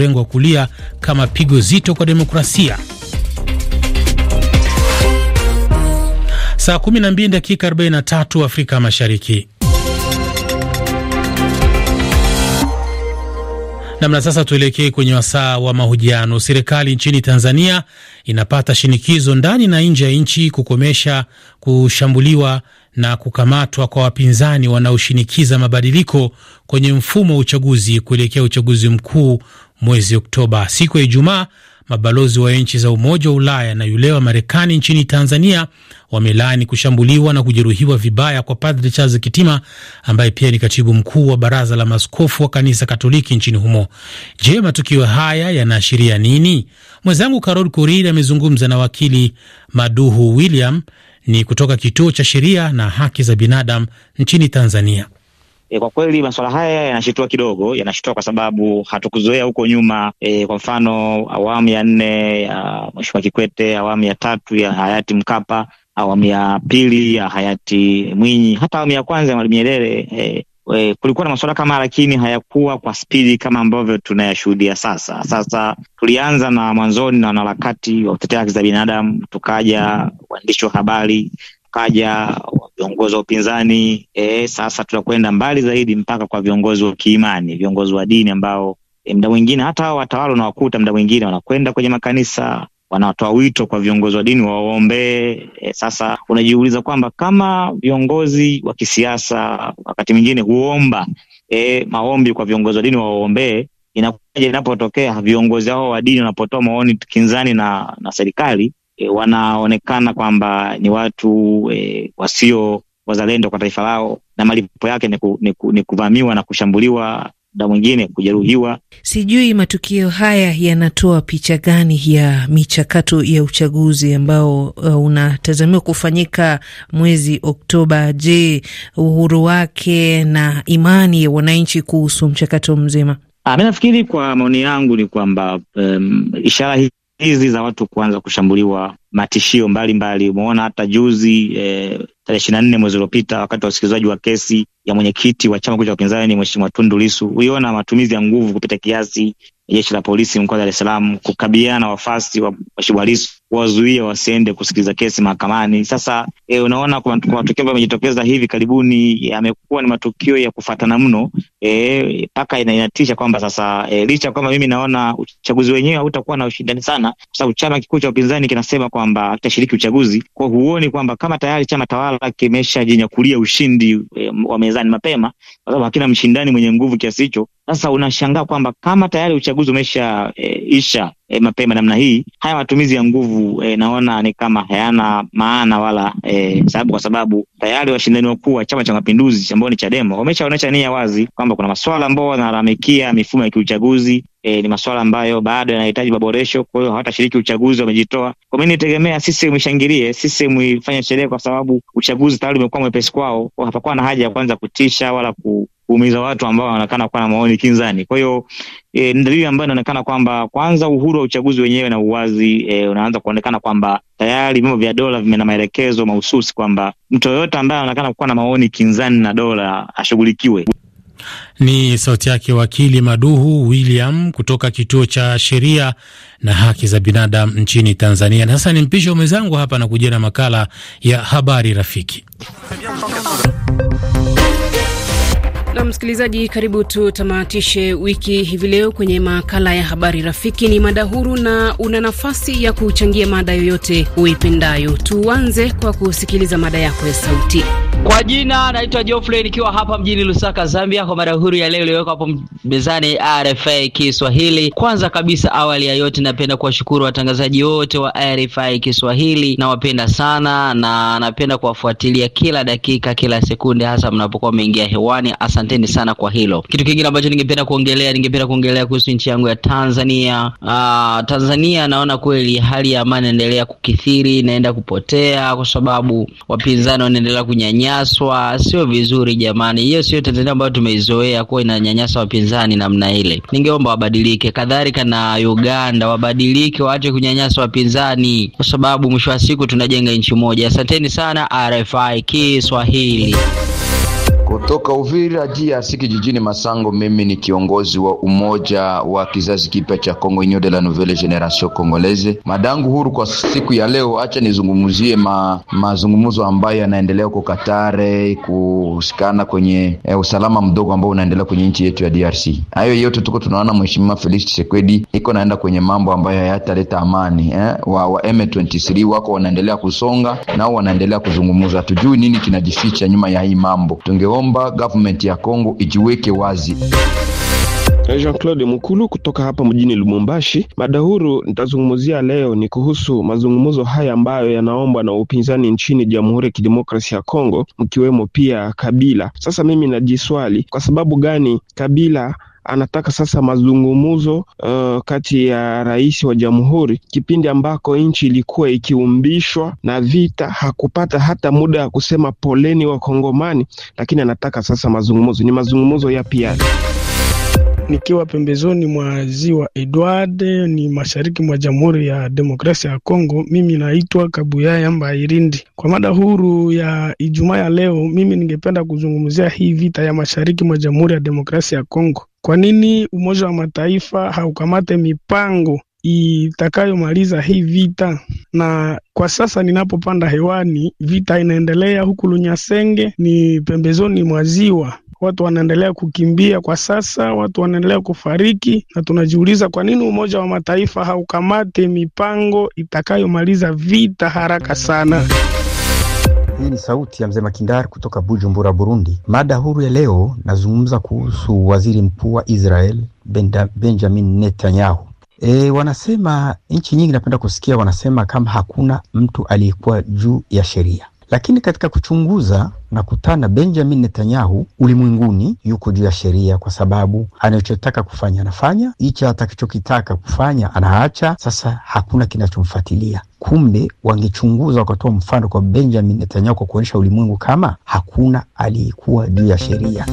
mrengo wa kulia kama pigo zito kwa demokrasia. Saa 12 dakika 43 Afrika Mashariki. Namna sasa, tuelekee kwenye wasaa wa mahojiano. Serikali nchini Tanzania inapata shinikizo ndani na nje ya nchi kukomesha kushambuliwa na kukamatwa kwa wapinzani wanaoshinikiza mabadiliko kwenye mfumo wa uchaguzi kuelekea uchaguzi mkuu mwezi Oktoba. Siku ya Ijumaa, mabalozi wa nchi za Umoja wa Ulaya na yule wa Marekani nchini Tanzania wamelaani kushambuliwa na kujeruhiwa vibaya kwa Padri Charles Kitima ambaye pia ni katibu mkuu wa Baraza la maskofu wa Kanisa Katoliki nchini humo. Je, matukio haya yanaashiria nini? Mwenzangu Carol Kuriri amezungumza na wakili Maduhu William ni kutoka kituo cha sheria na haki za binadamu nchini Tanzania. E, kwa kweli masuala haya yanashitua kidogo, yanashitua kwa sababu hatukuzoea huko nyuma e, kwa mfano awamu ya nne ya Mheshimiwa Kikwete, awamu ya tatu ya hayati Mkapa, awamu ya pili ya hayati Mwinyi, hata awamu ya kwanza ya Mwalimu Nyerere e, e, kulikuwa na masuala kama, lakini hayakuwa kwa spidi kama ambavyo tunayashuhudia sasa. Sasa tulianza na mwanzoni na wanaharakati wa kutetea haki za binadamu, tukaja waandishi wa habari, tukaja viongozi wa upinzani e, sasa tunakwenda mbali zaidi mpaka kwa viongozi wa kiimani, viongozi wa dini ambao e, mda mwingine hata hao watawala unawakuta mda mwingine wanakwenda kwenye makanisa wanatoa wito kwa viongozi wa dini E, Sasa unajiuliza kwamba kama viongozi wa kisiasa wakati mwingine huomba e, maombi kwa viongozi wa dini wawaombee, inakuwaje inapotokea viongozi hao wa dini wanapotoa maoni kinzani na, na serikali e, wanaonekana kwamba ni watu e, wasio wazalendo kwa taifa lao, na malipo yake ni, ku, ni, ku, ni kuvamiwa na kushambuliwa da mwingine kujeruhiwa. Sijui matukio haya yanatoa picha gani ya michakato ya uchaguzi ambao uh, unatazamiwa kufanyika mwezi Oktoba. Je, uhuru wake na imani ya wananchi kuhusu mchakato mzima? Ah, mi nafikiri kwa maoni yangu ni kwamba um, ishara hii hizi za watu kuanza kushambuliwa, matishio mbalimbali. Umeona hata juzi eh, tarehe ishirini na nne mwezi uliopita wakati wa usikilizaji wa kesi ya mwenyekiti wa chama kuu cha upinzani Mheshimiwa Tundu Lisu, uliona matumizi ya nguvu kupita kiasi ya jeshi la polisi mkoa wa Dar es Salaam kukabiliana na wafasi wa Mheshimiwa Lisu kuwazuia wasiende kusikiliza kesi mahakamani. Sasa e, unaona kwa matukio ambayo amejitokeza hivi karibuni yamekuwa ni matukio ya kufatana mno mpaka e, inatisha kwamba sasa e, licha ya kwamba mimi naona uchaguzi wenyewe hautakuwa na ushindani sana, kwa sababu chama kikuu cha upinzani kinasema kwamba hakitashiriki uchaguzi. Kwa huoni kwamba kama tayari chama tawala kimeshajinyakulia ushindi e, wa mezani mapema, kwa sababu hakina mshindani mwenye nguvu kiasi hicho. Sasa unashangaa kwamba kama tayari uchaguzi umeshaisha e, e, mapema namna hii, haya matumizi ya nguvu e, naona ni kama hayana maana wala e, sababu, kwa sababu tayari washindani wakuu wa Chama cha Mapinduzi ambao ni Chadema wameshaonyesha nia wazi kwamba kuna maswala ambao wanalalamikia mifumo ya kiuchaguzi E, ni masuala ambayo bado yanahitaji maboresho. Kwa hiyo hawatashiriki uchaguzi, wamejitoa. Kwa mimi nitegemea CCM ishangilie, CCM ifanye sherehe, kwa sababu uchaguzi tayari umekuwa mwepesi kwao. Hapakuwa na haja ya kwanza kutisha wala ku kuumiza watu ambao wanaonekana kuwa na maoni kinzani. Kwa hiyo e, ni dalili ambayo inaonekana kwamba kwanza uhuru wa uchaguzi wenyewe na uwazi e, unaanza kuonekana kwamba tayari vyombo vya dola vimena maelekezo mahususi kwamba mtu yoyote ambaye anaonekana kuwa na maoni kinzani na dola ashughulikiwe. Ni sauti yake wakili Maduhu William kutoka kituo cha sheria na haki za binadamu nchini Tanzania. Na sasa ni mpisho mwenzangu hapa na kujia na makala ya habari rafiki na msikilizaji, karibu tutamatishe wiki hivi leo kwenye makala ya habari rafiki. Ni mada huru na una nafasi ya kuchangia mada yoyote uipendayo. Tuanze kwa kusikiliza mada yako ya sauti. Kwa jina naitwa Geoffrey nikiwa hapa mjini Lusaka, Zambia. Kwa mada huru ya leo iliyowekwa hapo mezani RFI Kiswahili. Kwanza kabisa, awali ya yote, napenda kuwashukuru watangazaji wote wa RFI Kiswahili, nawapenda sana na napenda kuwafuatilia kila dakika, kila sekunde, hasa mnapokuwa mmeingia hewani. Asanteni sana kwa hilo. Kitu kingine ambacho ningependa kuongelea, ningependa kuongelea kuhusu nchi yangu ya Tanzania. Aa, ah, Tanzania naona kweli hali ya amani inaendelea kukithiri, inaenda kupotea kwa sababu wapinzani wanaendelea kunyanya kunyanyaswa sio vizuri jamani. Hiyo sio Tanzania ambayo tumeizoea kuwa inanyanyasa wapinzani namna ile. Ningeomba wabadilike, kadhalika na Uganda wabadilike, waache kunyanyasa wapinzani, kwa sababu mwisho wa siku tunajenga nchi moja. Asanteni sana RFI Kiswahili. Kutoka Uvira DRC kijijini Masango, mimi ni kiongozi wa umoja wa kizazi kipya cha Kongo Union de la Nouvelle Generation Congolaise. Madangu huru kwa siku ya leo, acha nizungumzie ma, mazungumzo ambayo yanaendelea huko Katare kuhusikana kwenye eh, usalama mdogo ambao unaendelea kwenye nchi yetu ya DRC. Hayo yote tuko tunaona mheshimiwa Felix Tshisekedi iko naenda kwenye mambo ambayo hayataleta amani eh. Wa, wa M23 wako wanaendelea kusonga nao wanaendelea kuzungumza, tujui nini kinajificha nyuma ya hii mambo Tunge tunaomba government ya Kongo ijiweke wazi. Jean Claude Mukulu kutoka hapa mjini Lumumbashi. Mada huru nitazungumzia leo ni kuhusu mazungumzo haya ambayo yanaombwa na upinzani nchini Jamhuri ya Kidemokrasia ya Kongo, mkiwemo pia Kabila. Sasa mimi najiswali kwa sababu gani Kabila anataka sasa mazungumzo uh, kati ya rais wa jamhuri, kipindi ambako nchi ilikuwa ikiumbishwa na vita, hakupata hata muda ya kusema poleni Wakongomani, lakini anataka sasa mazungumzo. Ni mazungumzo yapi yale? nikiwa pembezoni mwa ziwa Edward ni mashariki mwa Jamhuri ya Demokrasia ya Kongo. Mimi naitwa kabuya yamba irindi Kwa mada huru ya Ijumaa ya leo, mimi ningependa kuzungumzia hii vita ya mashariki mwa Jamhuri ya Demokrasia ya Kongo. Kwa nini Umoja wa Mataifa haukamate mipango itakayomaliza hii vita. Na kwa sasa ninapopanda hewani, vita inaendelea huku Lunyasenge, ni pembezoni mwa ziwa. Watu wanaendelea kukimbia kwa sasa, watu wanaendelea kufariki, na tunajiuliza kwa nini Umoja wa Mataifa haukamate mipango itakayomaliza vita haraka sana. Hii ni sauti ya mzee Makindari kutoka Bujumbura, Burundi. Mada huru ya leo nazungumza kuhusu waziri mkuu wa Israel Benjamin Netanyahu E, wanasema nchi nyingi, napenda kusikia wanasema kama hakuna mtu aliyekuwa juu ya sheria, lakini katika kuchunguza na kutana Benjamin Netanyahu ulimwenguni yuko juu ya sheria, kwa sababu anachotaka kufanya anafanya, hicho atakachokitaka kufanya anaacha. Sasa hakuna kinachomfuatilia. Kumbe wangechunguza wakatoa mfano kwa Benjamin Netanyahu kwa kuonyesha ulimwengu kama hakuna aliyekuwa juu ya sheria.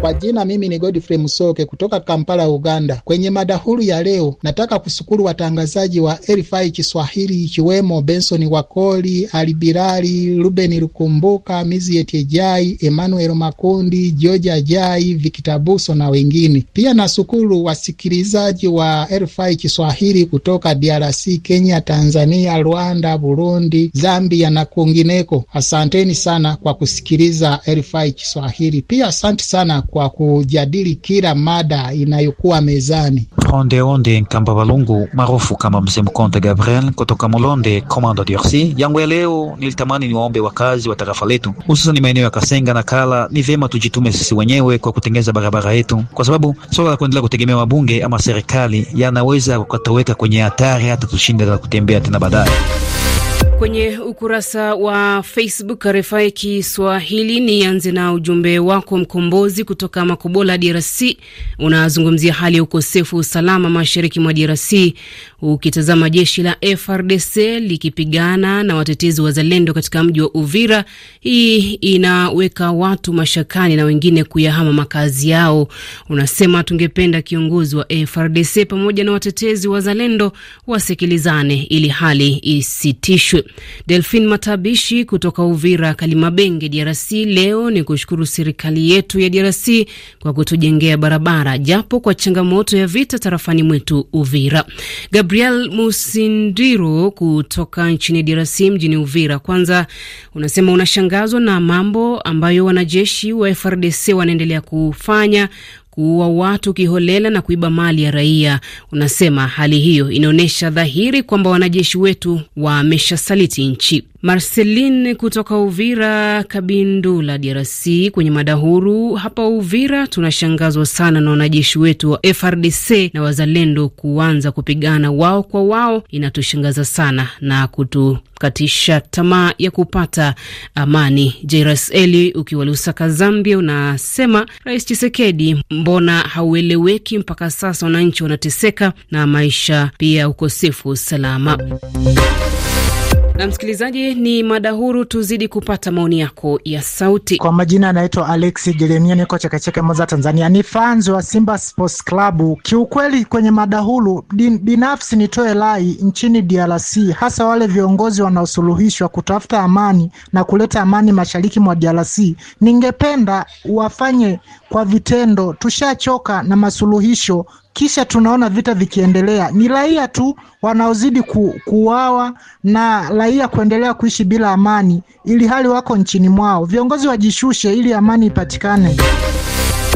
Kwa jina mimi ni Godfrey Musoke kutoka Kampala, Uganda. Kwenye mada huru ya leo, nataka kushukuru watangazaji wa RFI Kiswahili ikiwemo Benson Wakoli, Alibirali, Ruben rukumbuka mizi Ejai, Emmanuel Makundi, Georgia Jai, Vikitabuso na wengine. Pia nashukuru wasikilizaji wa RFI Kiswahili kutoka DRC, Kenya, Tanzania, Rwanda, Burundi, Zambia na kwingineko. Asanteni sana kwa kusikiliza RFI Kiswahili. Pia asante sana kwa kujadili kila mada inayokuwa mezani. Ronde Onde Nkamba Balungu maarufu kama Mzee Mkonte Gabriel kutoka Mulonde Komando DRC. Yangu ya leo nilitamani niwaombe wakazi wa tarafa letu, hususan maeneo ya Kasenga na Kala, ni vyema tujitume sisi wenyewe kwa kutengeza barabara yetu, kwa sababu swala la kuendelea kutegemea wabunge ama serikali yanaweza kukatoweka kwenye hatari hata tushinde la kutembea tena baadaye kwenye ukurasa wa Facebook RFI Kiswahili. Nianze na ujumbe wako Mkombozi kutoka Makobola, DRC. Unazungumzia hali ya ukosefu wa usalama mashariki mwa DRC, ukitazama jeshi la FRDC likipigana na watetezi wazalendo katika mji wa Uvira. Hii inaweka watu mashakani na wengine kuyahama makazi yao. Unasema tungependa kiongozi wa FRDC pamoja na watetezi wazalendo wasikilizane ili hali isitishwe. Delphine Matabishi kutoka Uvira Kalimabenge, DRC. Leo ni kushukuru serikali yetu ya DRC kwa kutujengea barabara japo kwa changamoto ya vita tarafani mwetu Uvira. Gabriel Musindiro kutoka nchini DRC mjini Uvira, kwanza unasema unashangazwa na mambo ambayo wanajeshi wa FRDC wanaendelea kufanya kuua watu kiholela na kuiba mali ya raia. Unasema hali hiyo inaonyesha dhahiri kwamba wanajeshi wetu wameshasaliti nchi. Marceline kutoka Uvira Kabindula, DRC, kwenye mada huru. Hapa Uvira tunashangazwa sana na wanajeshi wetu wa FRDC na wazalendo kuanza kupigana wao kwa wao, inatushangaza sana na kutukatisha tamaa ya kupata amani. Jairas Eli ukiwa Lusaka, Zambia, unasema Rais Chisekedi, mbona haueleweki mpaka sasa? Wananchi wanateseka na maisha pia, ukosefu wa usalama na msikilizaji, ni mada huru, tuzidi kupata maoni yako ya sauti. Kwa majina anaitwa alexi Jeremia, niko Chekecheke, Moza, Tanzania, ni fans wa Simba Sports Club. Kiukweli kwenye mada huru din, binafsi nitoe lai nchini DRC, hasa wale viongozi wanaosuluhishwa kutafuta amani na kuleta amani mashariki mwa DRC. Ningependa wafanye kwa vitendo, tushachoka na masuluhisho kisha tunaona vita vikiendelea, ni raia tu wanaozidi ku, kuuawa na raia kuendelea kuishi bila amani, ili hali wako nchini mwao. Viongozi wajishushe ili amani ipatikane.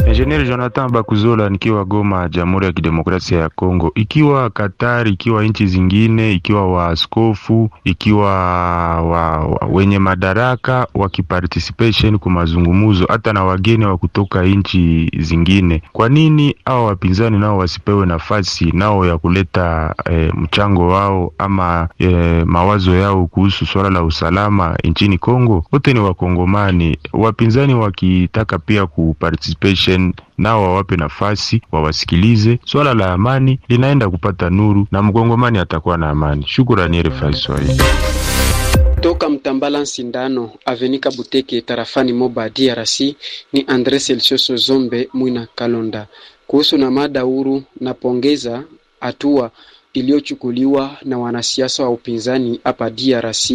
Engineer Jonathan Bakuzola nikiwa Goma, Jamhuri ya Kidemokrasia ya Kongo, ikiwa Katari, ikiwa nchi zingine, ikiwa waaskofu, ikiwa wa, wa, wenye madaraka wakiparticipation kwa mazungumzo, hata na wageni wa kutoka nchi zingine, kwa nini hao wapinzani nao wasipewe nafasi nao ya kuleta e, mchango wao ama e, mawazo yao kuhusu swala la usalama nchini Kongo? Wote ni Wakongomani, wapinzani wakitaka pia kuparticipation pia nao wawape nafasi, wawasikilize. Swala la amani linaenda kupata nuru na mkongomani atakuwa na amani. Shukrani RFI Kiswahili. Toka Mtambala Sindano Avenika Buteke tarafani Moba DRC ni Andre Celsioso Zombe Mwina Kalonda kuhusu na mada huru, napongeza hatua iliyochukuliwa na wanasiasa wa upinzani hapa DRC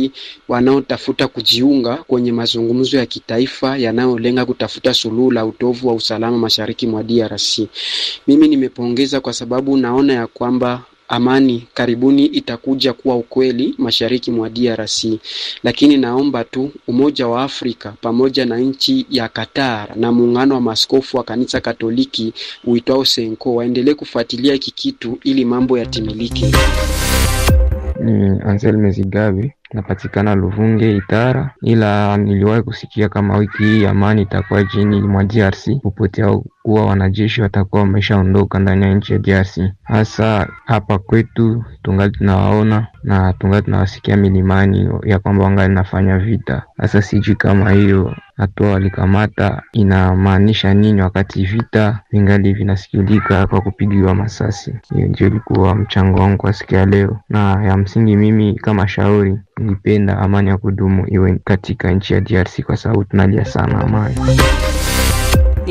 wanaotafuta kujiunga kwenye mazungumzo ya kitaifa yanayolenga kutafuta suluhu la utovu wa usalama mashariki mwa DRC. Mimi nimepongeza kwa sababu naona ya kwamba amani karibuni itakuja kuwa ukweli mashariki mwa DRC, lakini naomba tu Umoja wa Afrika pamoja na nchi ya Qatar na muungano wa maskofu wa kanisa Katoliki uitwao Senko waendelee kufuatilia hiki kitu ili mambo yatimiliki. Ni Anselme Zigabe napatikana Luvunge Itara, ila niliwahi kusikia kama wiki hii amani itakuwa chini mwa DRC popote, au kuwa wanajeshi watakuwa wameshaondoka ndani ya nchi ya DRC. Hasa hapa kwetu tungali tunawaona na tungali tunawasikia milimani ya kwamba wangali nafanya vita. Hasa sijui kama hiyo hatua walikamata inamaanisha nini, wakati vita vingali vinasikilika kwa kupigiwa masasi. Hiyo ndio ilikuwa mchango wangu kwa siku ya leo, na ya msingi mimi kama shauri nipenda amani ya kudumu iwe katika nchi ya DRC kwa sababu tunalia sana amani.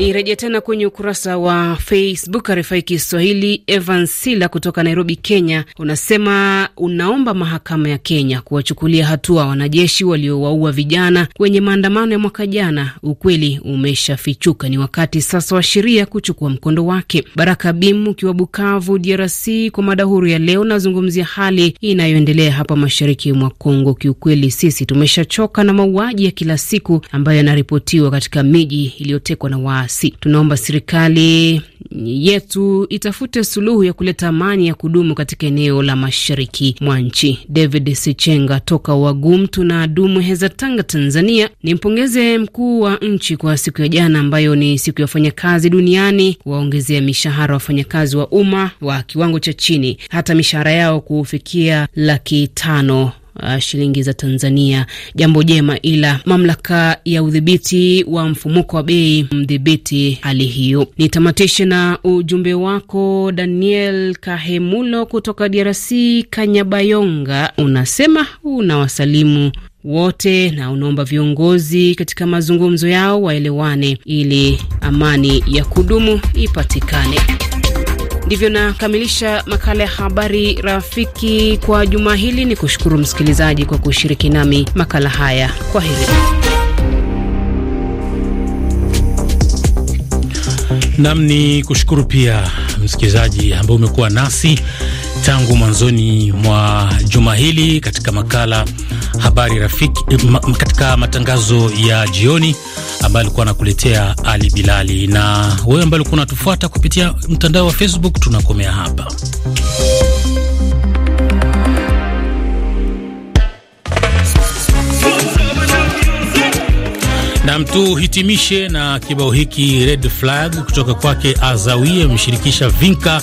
Irejea tena kwenye ukurasa wa Facebook Arifai Kiswahili. Evan Sila kutoka Nairobi, Kenya, unasema unaomba mahakama ya Kenya kuwachukulia hatua wanajeshi waliowaua vijana kwenye maandamano ya mwaka jana. Ukweli umeshafichuka, ni wakati sasa wa sheria kuchukua mkondo wake. Baraka Bimu ukiwa Bukavu, DRC, kwa mada huru ya leo nazungumzia hali inayoendelea hapa mashariki mwa Kongo. Kiukweli sisi tumeshachoka na mauaji ya kila siku ambayo yanaripotiwa katika miji iliyotekwa na waasi wasiwasi. Tunaomba serikali yetu itafute suluhu ya kuleta amani ya kudumu katika eneo la mashariki mwa nchi. David Sechenga toka Wagumtu na dumu heza Tanga, Tanzania, ni mpongeze mkuu wa nchi kwa siku ya jana ambayo ni siku ya wafanyakazi duniani, kuwaongezea mishahara wafanyakazi wa umma wa kiwango cha chini hata mishahara yao kufikia laki tano uh, shilingi za Tanzania, jambo jema, ila mamlaka ya udhibiti wa mfumuko wa bei mdhibiti hali hiyo. Nitamatishe na ujumbe wako Daniel Kahemulo kutoka DRC, Kanyabayonga, unasema unawasalimu wote na unaomba viongozi katika mazungumzo yao waelewane ili amani ya kudumu ipatikane. Ndivyo nakamilisha makala ya habari rafiki kwa juma hili. Ni kushukuru msikilizaji kwa kushiriki nami makala haya. Kwa heri. Nam ni kushukuru pia msikilizaji ambaye umekuwa nasi tangu mwanzoni mwa juma hili katika makala habari rafiki, eh, katika matangazo ya jioni ambayo alikuwa anakuletea Ali Bilali, na wewe ambaye ulikuwa unatufuata kupitia mtandao wa Facebook, tunakomea hapa. Nam, tuhitimishe na kibao hiki Red Flag kutoka kwake Azawie ameshirikisha Vinka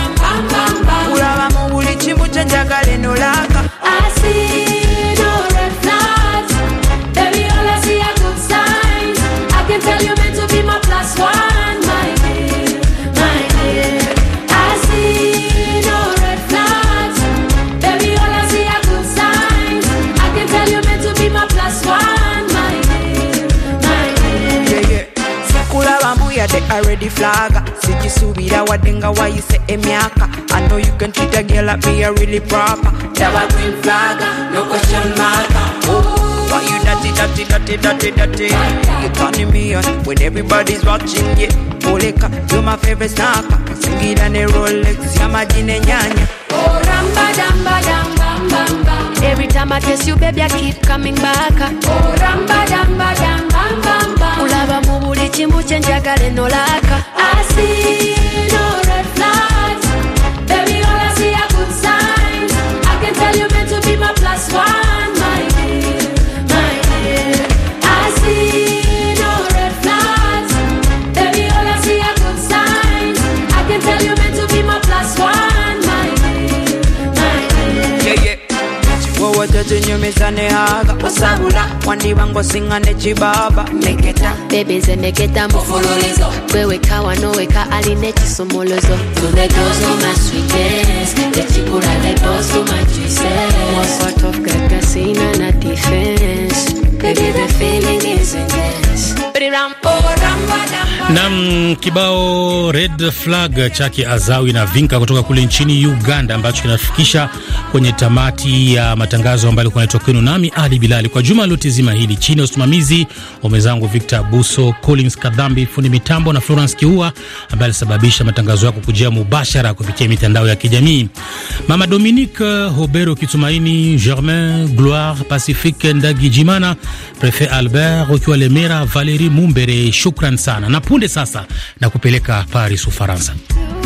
Kulaba mu buli kimu kye njagala eno laaka. Asiiri. denga why you say emyaka I know you can treat a girl like me a really proper Tell a green flag, no question mark oh, Why you dirty, dirty, dirty, dirty, dirty You turning me on when everybody's watching you yeah. Poleka, you're my favorite stalker Sing it on a Rolex, you're my gin and nyanya Oh, ramba, damba, damba, bamba Every time I kiss you, baby, I keep coming back Oh, ramba, damba, damba, bamba Ulaba mu buli chimu chenjagala enolaka I see zinyumizaneaga osabula wandiba ng'osinga ne kibaba meketa bebeze meketa mufululizo gweweka wanoweka alina ekisumuluzo tunetozo maswikes ekikulaga etoso majuices Seen on a defense. Baby, the feeling. Nam kibao red flag chake Azawi na Vinka kutoka kule nchini Uganda, ambacho kinafikisha kwenye tamati ya matangazo ambayo alikuwa naitwa kwenu, nami Ali Bilali kwa juma lote zima hili, chini ya usimamizi wa mwenzangu Victor Buso, Collins Kadhambi fundi mitambo na Florence Kiua ambaye alisababisha matangazo yako kujia mubashara kupitia mitandao ya kijamii. Mama Dominique eh, Hobero Kitumaini, Germain Gloire, Pacifique Ndagi Jimana, Prefet Albert ukiwa Lemera, Valerie Mumbere, shukran sana, na punde sasa na kupeleka Paris, Ufaransa.